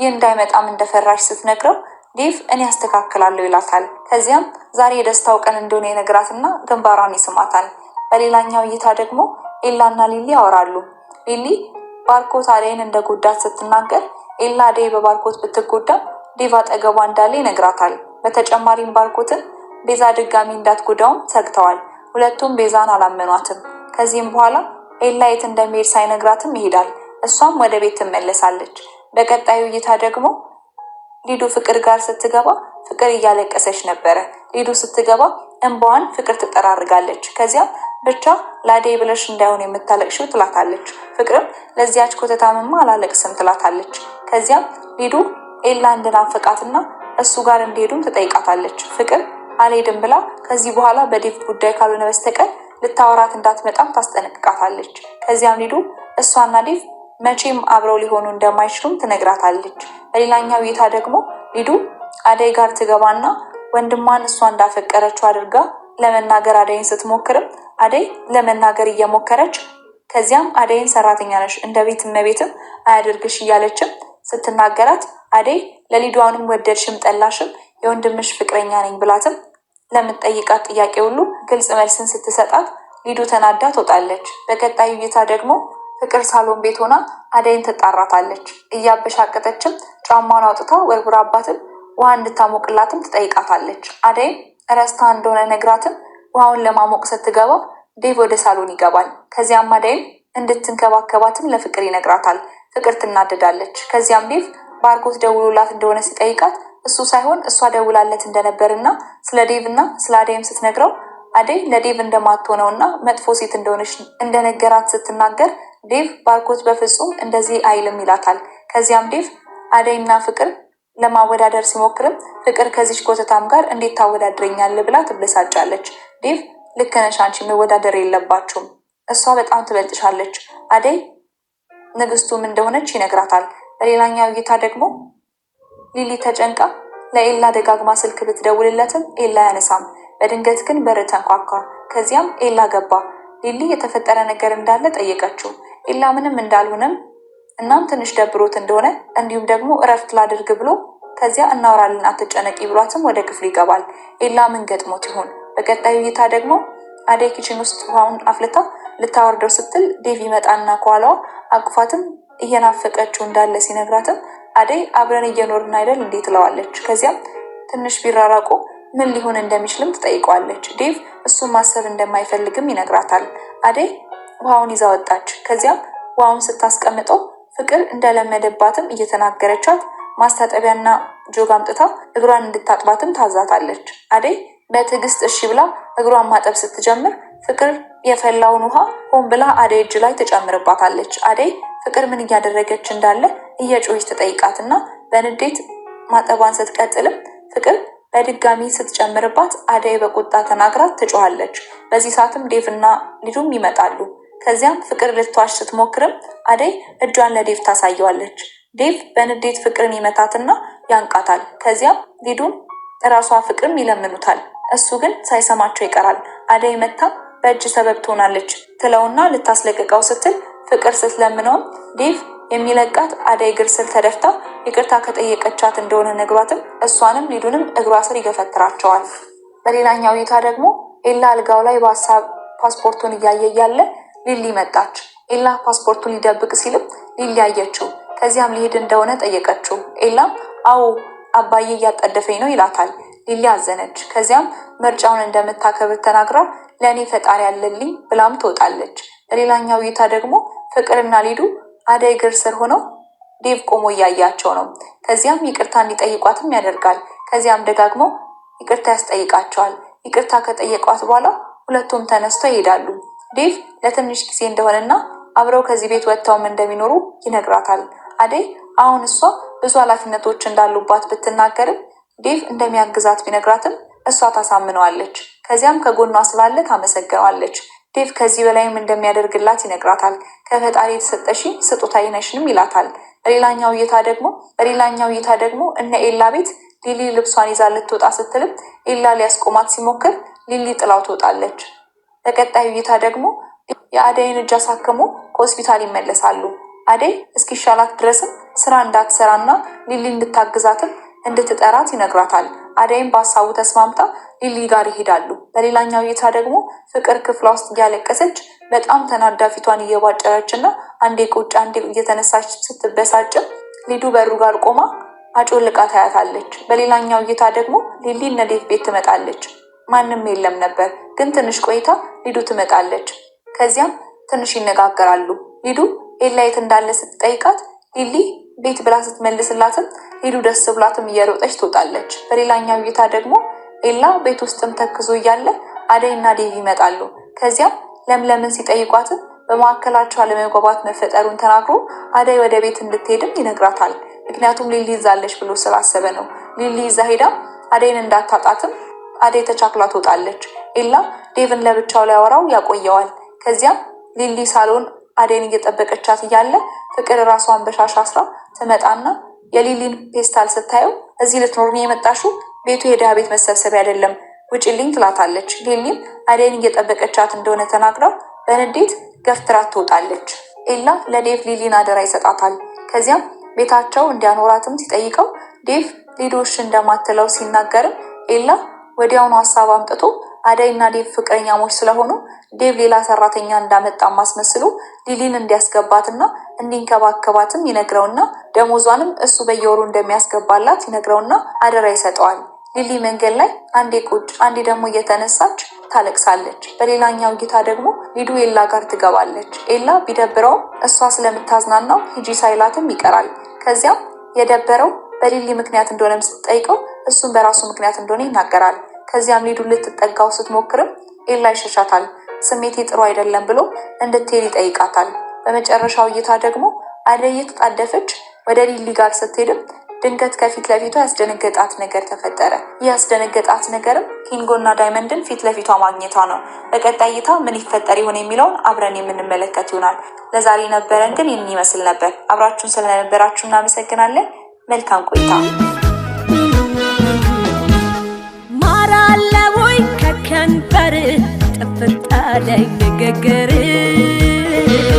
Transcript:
ይህ እንዳይመጣም እንደፈራሽ ስትነግረው ዴቭ እኔ ያስተካክላለሁ ይላታል። ከዚያም ዛሬ የደስታው ቀን እንደሆነ የነግራትና ግንባሯን ይስማታል። በሌላኛው እይታ ደግሞ ኤላና ሊሊ ያወራሉ። ሊሊ ባርኮት አደይን እንደ ጎዳት ስትናገር ኤላ አደይ በባርኮት ብትጎዳም ዴቭ አጠገቧ እንዳለ ይነግራታል። በተጨማሪም ባርኮትን ቤዛ ድጋሚ እንዳትጎዳውም ሰግተዋል። ሁለቱም ቤዛን አላመኗትም። ከዚህም በኋላ ኤላ የት እንደሚሄድ ሳይነግራትም ይሄዳል። እሷም ወደ ቤት ትመለሳለች። በቀጣዩ እይታ ደግሞ ሊዱ ፍቅር ጋር ስትገባ ፍቅር እያለቀሰች ነበረ። ሊዱ ስትገባ እንባዋን ፍቅር ትጠራርጋለች። ከዚያም ብቻ ላዴ ብለሽ እንዳይሆን የምታለቅሽው ትላታለች። ፍቅርም ለዚያች ኮተታምማ አላለቅስም ትላታለች። ከዚያም ሊዱ ኤላ እንድናፈቃትና እሱ ጋር እንዲሄዱም ትጠይቃታለች። ፍቅር አልሄድም ብላ ከዚህ በኋላ በዴቭ ጉዳይ ካልሆነ በስተቀር ልታወራት እንዳትመጣም ታስጠነቅቃታለች። ከዚያም ሊዱ እሷና ዴቭ መቼም አብረው ሊሆኑ እንደማይችሉም ትነግራታለች። በሌላኛው እይታ ደግሞ ሊዱ አደይ ጋር ትገባና ወንድሟን እሷ እንዳፈቀረችው አድርጋ ለመናገር አደይን ስትሞክርም አደይ ለመናገር እየሞከረች ከዚያም አደይን ሰራተኛ ነሽ እንደ ቤት እመቤትም አያደርግሽ እያለችም ስትናገራት አደይ ለሊዷንም ወደድሽም ጠላሽም የወንድምሽ ፍቅረኛ ነኝ ብላትም ለምትጠይቃት ጥያቄ ሁሉ ግልጽ መልስን ስትሰጣት ሊዱ ተናዳ ትወጣለች። በቀጣዩ እይታ ደግሞ ፍቅር ሳሎን ቤት ሆና አደይን ትጣራታለች። እያበሻቀጠችም ጫማን አውጥታ ወርውራባትም ውሃ እንድታሞቅላትም ትጠይቃታለች። አደይም እረስታ እንደሆነ ነግራትም ውሃውን ለማሞቅ ስትገባ ዴቭ ወደ ሳሎን ይገባል። ከዚያም አደይም እንድትንከባከባትም ለፍቅር ይነግራታል። ፍቅር ትናደዳለች። ከዚያም ዴቭ ባርኮት ደውሎላት እንደሆነ ሲጠይቃት እሱ ሳይሆን እሷ ደውላለት እንደነበርና ስለ ዴቭ እና ስለ አደይም ስትነግረው አደይ ለዴቭ እንደማትሆነው እና መጥፎ ሴት እንደሆነች እንደነገራት ስትናገር ዴቭ ባርኮት በፍጹም እንደዚህ አይልም ይላታል። ከዚያም ዴቭ አደይና ፍቅር ለማወዳደር ሲሞክርም ፍቅር ከዚች ኮተታም ጋር እንዴት ታወዳድረኛል ብላ ትበሳጫለች። ዴቭ ልክ ነሽ አንቺ፣ መወዳደር የለባችሁም እሷ በጣም ትበልጥሻለች። አደይ ንግስቱም እንደሆነች ይነግራታል። በሌላኛው እይታ ደግሞ ሊሊ ተጨንቃ ለኤላ ደጋግማ ስልክ ብትደውልለትም ኤላ አያነሳም። በድንገት ግን በር ተንኳኳ። ከዚያም ኤላ ገባ። ሊሊ የተፈጠረ ነገር እንዳለ ጠየቀችው። ኤላ ምንም እንዳልሆነም እናም ትንሽ ደብሮት እንደሆነ እንዲሁም ደግሞ እረፍት ላድርግ ብሎ ከዚያ እናወራለን አትጨነቂ ብሏትም ወደ ክፍሉ ይገባል። ኤላ ምን ገጥሞት ይሆን? በቀጣዩ እይታ ደግሞ አደይ ኪችን ውስጥ ውሃውን አፍልታ ልታወርደው ስትል ዴቭ ይመጣና ከኋላዋ አቅፋትም እየናፈቀችው እንዳለ ሲነግራትም አደይ አብረን እየኖርን አይደል እንዴት ትለዋለች። ከዚያም ትንሽ ቢራራቁ ምን ሊሆን እንደሚችልም ትጠይቀዋለች። ዴቭ እሱን ማሰብ እንደማይፈልግም ይነግራታል። አደይ ውሃውን ይዛ ወጣች። ከዚያም ውሃውን ስታስቀምጠው ፍቅር እንደለመደባትም እየተናገረቻት ማስታጠቢያና ጆግ አምጥታ እግሯን እንድታጥባትም ታዛታለች። አደይ በትዕግስት እሺ ብላ እግሯን ማጠብ ስትጀምር ፍቅር የፈላውን ውሃ ሆን ብላ አደይ እጅ ላይ ትጨምርባታለች። አደይ ፍቅር ምን እያደረገች እንዳለ እየጮች ትጠይቃትና በንዴት ማጠቧን ስትቀጥልም ፍቅር በድጋሚ ስትጨምርባት አደይ በቁጣ ተናግራት ትጮኋለች። በዚህ ሰዓትም ዴቭ እና ሊዱም ይመጣሉ። ከዚያም ፍቅር ልትዋሽ ስትሞክርም አደይ እጇን ለዴቭ ታሳየዋለች። ዴቭ በንዴት ፍቅርን ይመታትና ያንቃታል። ከዚያም ሊዱም እራሷ ፍቅርም ይለምኑታል። እሱ ግን ሳይሰማቸው ይቀራል። አደይ መታም በእጅ ሰበብ ትሆናለች ትለውና ልታስለቅቀው ስትል ፍቅር ስትለምነውም ዴቭ የሚለቃት አደይ እግር ስር ተደፍታ ይቅርታ ከጠየቀቻት እንደሆነ ነግሯትም እሷንም ሊዱንም እግሯ ስር ይገፈትራቸዋል። በሌላኛው ሁኔታ ደግሞ ኤላ አልጋው ላይ በሀሳብ ፓስፖርቱን እያየ እያለ ሊሊ መጣች። ኤላ ፓስፖርቱን ሊደብቅ ሲልም ሊሊ አየችው። ከዚያም ሊሄድ እንደሆነ ጠየቀችው። ኤላም አዎ አባዬ እያጠደፈኝ ነው ይላታል። ሊሊ አዘነች። ከዚያም ምርጫውን እንደምታከብር ተናግራ ለእኔ ፈጣሪ ያለልኝ ብላም ትወጣለች። በሌላኛው ይታ ደግሞ ፍቅርና ሊዱ አደይ እግር ስር ሆነው ዴቭ ቆሞ እያያቸው ነው። ከዚያም ይቅርታ እንዲጠይቋትም ያደርጋል። ከዚያም ደጋግሞ ይቅርታ ያስጠይቃቸዋል። ይቅርታ ከጠየቋት በኋላ ሁለቱም ተነስተው ይሄዳሉ። ዴቭ ለትንሽ ጊዜ እንደሆነና አብረው ከዚህ ቤት ወጥተውም እንደሚኖሩ ይነግራታል። አደይ አሁን እሷ ብዙ ኃላፊነቶች እንዳሉባት ብትናገርም ዴቭ እንደሚያግዛት ቢነግራትም እሷ ታሳምነዋለች። ከዚያም ከጎኗ ስላለ ታመሰግነዋለች። ዴቭ ከዚህ በላይም እንደሚያደርግላት ይነግራታል። ከፈጣሪ የተሰጠሽ ስጦታ ይነሽንም ይላታል። በሌላኛው እይታ ደግሞ በሌላኛው እይታ ደግሞ እነ ኤላ ቤት ሊሊ ልብሷን ይዛ ልትወጣ ስትልም ኤላ ሊያስቆማት ሲሞክር ሊሊ ጥላው ትወጣለች። በቀጣዩ እይታ ደግሞ የአደይን እጅ አሳክሞ ከሆስፒታል ይመለሳሉ። አደይ እስኪሻላት ድረስም ስራ እንዳትሰራና ሊሊ እንድታግዛትም እንድትጠራት ይነግራታል። አደይም በሀሳቡ ተስማምታ ሊሊ ጋር ይሄዳሉ። በሌላኛው እይታ ደግሞ ፍቅር ክፍሏ ውስጥ እያለቀሰች በጣም ተናዳ ፊቷን እየቧጨረች እና አንዴ ቁጭ አንዴ እየተነሳች ስትበሳጭም ሊዱ በሩ ጋር ቆማ አጮልቃ ታያታለች። በሌላኛው እይታ ደግሞ ሊሊ ነዴት ቤት ትመጣለች። ማንም የለም ነበር፣ ግን ትንሽ ቆይታ ሊዱ ትመጣለች። ከዚያም ትንሽ ይነጋገራሉ። ሊዱ ኤላይት እንዳለ ስትጠይቃት ሊሊ ቤት ብላ ስትመልስላትም ሊዱ ደስ ብላትም እየሮጠች ትወጣለች። በሌላኛው እይታ ደግሞ ኤላ ቤት ውስጥም ተክዞ እያለ አደይና ዴቭ ይመጣሉ። ከዚያም ለምለምን ሲጠይቋትም በመካከላቸው አለመግባባት መፈጠሩን ተናግሮ አደይ ወደ ቤት እንድትሄድም ይነግራታል። ምክንያቱም ሊሊ ይዛለች ብሎ ስላሰበ ነው። ሊሊ ይዛ ሄዳ አደይን እንዳታጣትም አደይ ተቻክላ ትወጣለች። ኤላ ዴቭን ለብቻው ሊያወራው ያቆየዋል። ከዚያም ሊሊ ሳሎን አደይን እየጠበቀቻት እያለ ፍቅር ራሷን በሻሽ አስራ ትመጣና የሊሊን ፔስታል ስታየው እዚህ ልትኖር ነው የመጣሽው ቤቱ የድሃ ቤት መሰብሰቢያ አይደለም ውጭልኝ ትላታለች። ሊሊም አደይን እየጠበቀቻት እንደሆነ ተናግረው በንዴት ገፍትራት ትወጣለች። ኤላ ለዴቭ ሊሊን አደራ ይሰጣታል። ከዚያም ቤታቸው እንዲያኖራትም ሲጠይቀው ዴቭ ሊዶሽ እንደማትለው ሲናገርም ኤላ ወዲያውኑ ሀሳብ አምጥቶ አደይና ዴቭ ፍቅረኛሞች ስለሆኑ ዴቭ ሌላ ሰራተኛ እንዳመጣ ማስመስሉ ሊሊን እንዲያስገባትና እንዲንከባከባትም ይነግረውና ደሞዟንም እሱ በየወሩ እንደሚያስገባላት ይነግረውና አደራ ይሰጠዋል። ሊሊ መንገድ ላይ አንዴ ቁጭ አንዴ ደግሞ እየተነሳች ታለቅሳለች። በሌላኛው እይታ ደግሞ ሊዱ ኤላ ጋር ትገባለች። ኤላ ቢደብረውም እሷ ስለምታዝናናው ሂጂ ሳይላትም ይቀራል። ከዚያም የደበረው በሊሊ ምክንያት እንደሆነም ስትጠይቀው እሱም በራሱ ምክንያት እንደሆነ ይናገራል። ከዚያም ሊዱ ልትጠጋው ስትሞክርም ኤላ ይሸሻታል። ስሜቴ ጥሩ አይደለም ብሎ እንድትሄድ ይጠይቃታል። በመጨረሻው እይታ ደግሞ አደይ እየተጣደፈች ወደ ሊሊ ጋር ስትሄድም ድንገት ከፊት ለፊቷ ያስደነገጣት ነገር ተፈጠረ። ይህ ያስደነገጣት ነገርም ኪንጎና ዳይመንድን ፊት ለፊቷ ማግኘቷ ነው። በቀጣይ እይታ ምን ይፈጠር ይሆን የሚለውን አብረን የምንመለከት ይሆናል። ለዛሬ ነበረን ግን ይህን ይመስል ነበር። አብራችሁን ስለነበራችሁ እናመሰግናለን። መልካም ቆይታ። ማር ከከንበር ጥፍጣ ላይ ንግግር